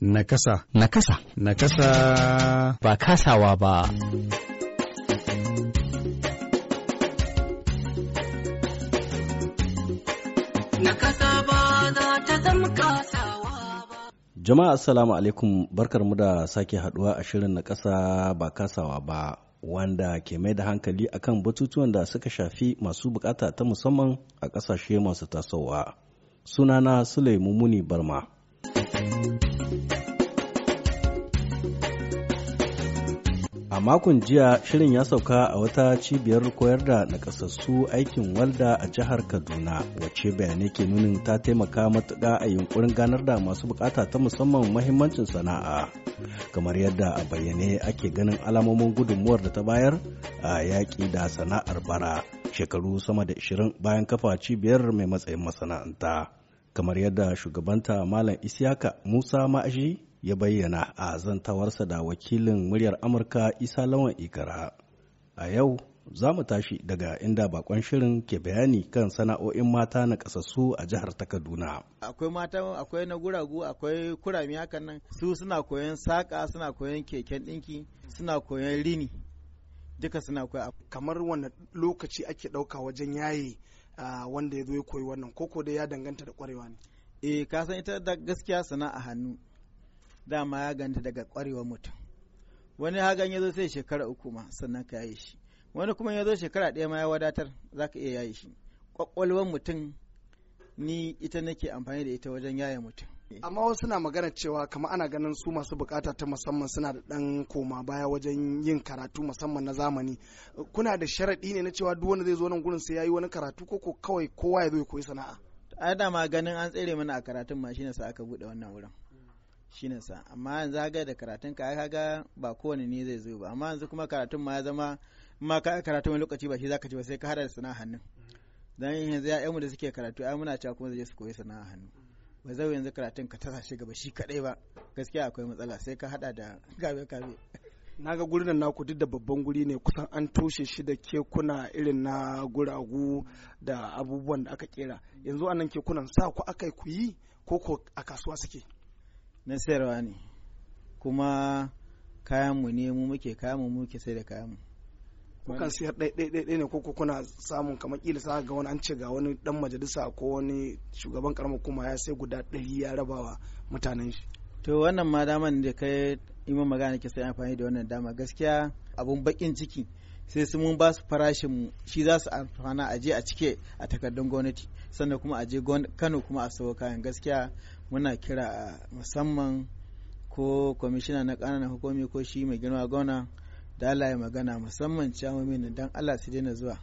Nakasa. Nakasa. Nakasa. Ba kasawa ba. Nakasa ba za ta zama kasawa ba. Jama'a Assalamu alaikum barkarmu da sake haduwa a shirin na kasa ba kasawa ba. Wanda ke mai da hankali akan batutuwan da suka shafi masu bukata ta musamman a ƙasashe masu tasowa. Sunana Sulaimu Muni Barma. A makon jiya shirin ya sauka a wata cibiyar koyar da nakasassu aikin walda a jihar Kaduna wacce bayanai ke nunin ta taimaka matuƙa a yunkurin ganar da masu bukata ta musamman mahimmancin sana'a. Kamar yadda a bayyane ake ganin alamomin gudunmuwar da ta bayar a yaƙi da sana'ar bara shekaru sama da 20 bayan kafa cibiyar mai matsayin masana'anta. kamar yadda shugabanta Malam Isiyaka Musa Ma'aji ya bayyana a zantawarsa da wakilin muryar Amurka Isa Lawan Ikara. A yau za mu tashi daga inda bakon shirin ke bayani kan sana'o'in mata na kasassu a jihar ta Kaduna. Akwai mata akwai na guragu akwai kurami hakan nan su suna koyon saka suna koyon keken dinki suna koyon rini duka suna koyon Kamar wani lokaci ake ɗauka wajen yaye wanda ya zo ya koyi wannan koko dai ya danganta da kwarewa ne eh ka san ita da gaskiya sana'a hannu dama ya ganta daga kwarewa mutum wani hagan ya zo sai shekara uku ma sannan ka yaye shi wani kuma ya zo shekara ɗaya ma ya wadatar za ka iya yaye shi kwakwalwar mutum ni ita nake amfani da ita wajen yaye mutum amma wasu na magana cewa kama ana ganin su masu bukata ta musamman suna da dan koma baya wajen yin karatu musamman na zamani kuna da sharaɗi ne na cewa duk wanda zai zo nan gurin sai yayi wani karatu ko ko kawai kowa ya zo ya koyi sana'a a dama ganin an tsere mana a karatun ma shine sa aka bude wannan wurin shine sa amma yanzu ga da karatun ka kaga ba kowane ne zai zo ba amma yanzu kuma karatun ma ya zama ma ka karatun wani lokaci ba shi zaka ci ba sai ka hada da sana'a hannun dan yanzu ya mu da suke karatu ai muna cewa kuma zai su koyi sana'a hannu ba zai yanzu karatun ka tasa shi gaba shi kadai ba gaskiya akwai matsala sai ka hada da gabe gabe na ga gurin naku duk da babban guri ne kusan an toshe shi da kekuna irin na guragu da abubuwan da aka kera yanzu anan kekunan sa ku aka yi yi ko ko a kasuwa suke na sayarwa ne kuma kayan mu ne mu muke kayan muke sai da kayanmu. kukan siyar ɗaiɗaiɗaiɗai ne ko kuna samun kamar ƙila sa ga wani an ce ga wani dan majalisa ko wani shugaban karama kuma ya sai guda ɗari ya rabawa mutanen shi to wannan ma daman da kai imam magana ke sai amfani da wannan dama gaskiya abun bakin ciki sai su mun ba su farashin shi za su amfana a je a cike a takardun gwamnati sannan kuma a je kano kuma a sayo kayan gaskiya muna kira musamman ko kwamishina na ƙananan hukumi ko shi mai girma gwamna da Allah ya magana musamman camomin dan Allah su daina zuwa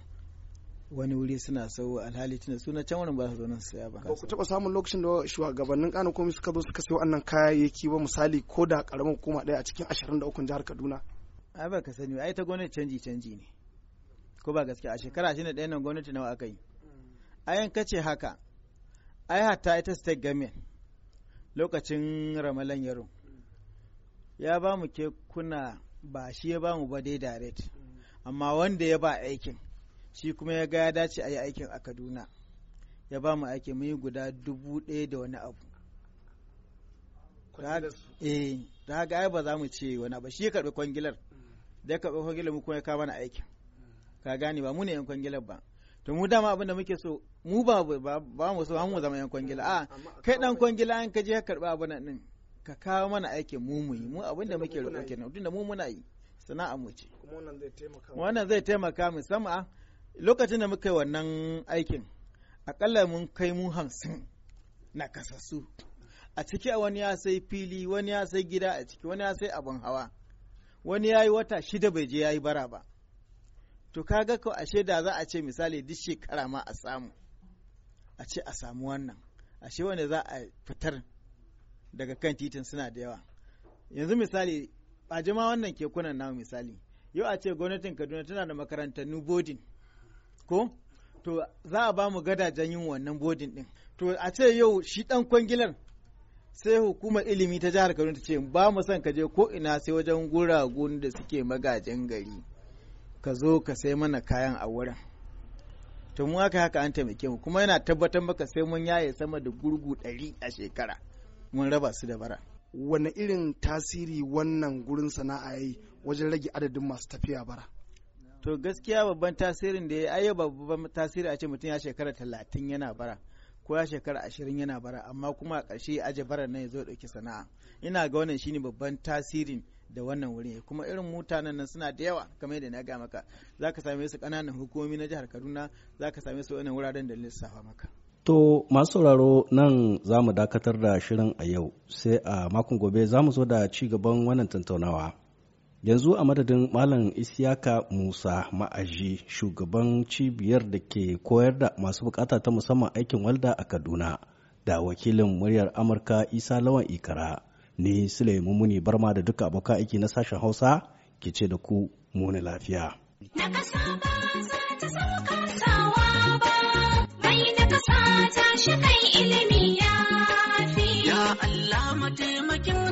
wani wuri suna sau alhali tunda suna can wurin ba su zo nan saya ba. Ba ku taba samun lokacin da shugabannin Kano komai suka zo suka sayo wannan kayayyaki ba misali ko da karamin hukuma ɗaya a cikin 23 jihar Kaduna. Ai ba ka sani ai ta gwamnati canji canji ne. Ko ba gaskiya a shekara ashirin da nan gwamnati nawa aka yi. Ai an kace haka ai hatta ita state government lokacin ramalan yaro ya ba mu ke kuna ba shi ya ba mu ba dai direct amma wanda ya ba aikin shi kuma ya ga ya dace a yi aikin a kaduna ya ba mu aiki mun yi guda dubu ɗaya da wani abu eh, da haka ai ba za mu ce wani abu shi ya karɓi kwangilar da ya karɓi kwangilar mu kuma ya kawo mana aikin ka gane ba mu ne yan kwangilar ba to mu dama abin da muke so mu ba mu so an mu zama yan kwangila a kai dan kwangila an ka je ka karɓi abin nan ka kawo mana aikin mu mu yi mu abin da muke roƙo kenan tunda mu muna yi sana'a mu ce wannan zai taimaka mu. sama lokacin da muka yi wannan aikin akalla mun kai mu hamsin na kasassu a ciki wani ya sai fili wani ya sai gida a ciki wani ya sai abin hawa wani ya yi wata shida bai je ya yi bara ba to kaga ko ashe da za a ce misali duk shekara ma a samu a ce a samu wannan ashe wanda za a fitar daga kan titin suna da yawa yanzu misali a jima wannan kekunan na misali yau a ce gwamnatin kaduna tana da makarantar new bodin ko to za a ba mu gadajen yin wannan bodin din to a ce yau shi dan kwangilar sai hukumar ilimi ta jihar kaduna ta ce ba mu son ka je ko ina sai wajen guragun da suke magajin gari ka zo ka sai mana kayan a wurin to mu haka haka an taimake mu kuma yana tabbatar maka sai mun yaye sama da gurgu ɗari a shekara mun raba su da bara wani irin tasiri wannan gurin sana'a yi wajen rage adadin masu tafiya bara to gaskiya babban tasirin da ya ayi babban tasiri a ce mutum ya shekara talatin yana bara ko ya shekara ashirin yana bara amma kuma a ƙarshe aje bara nan ya zo ɗauki sana'a ina ga wannan shine babban tasirin da wannan wurin kuma irin mutanen nan suna da yawa kamar yadda na ga maka zaka same su ƙananan hukumomi na jihar Kaduna zaka same su wannan wuraren da lissafa maka To masu sauraro nan za mu dakatar da shirin a yau sai a makon gobe za mu zo da ci gaban wannan tattaunawa. Yanzu a madadin Malam Isiyaka Musa Ma'aji shugaban cibiyar da ke koyar da masu bukata ta musamman aikin walda a Kaduna da wakilin muryar Amurka Isa Lawan Ikara ni Sulaimu muni Barma da duka abokan aiki na sashen Hausa ke ce da ku muni lafiya. Na ba za ta ƙasa shi kai ilimi ya fi. Ya Allah mataimakin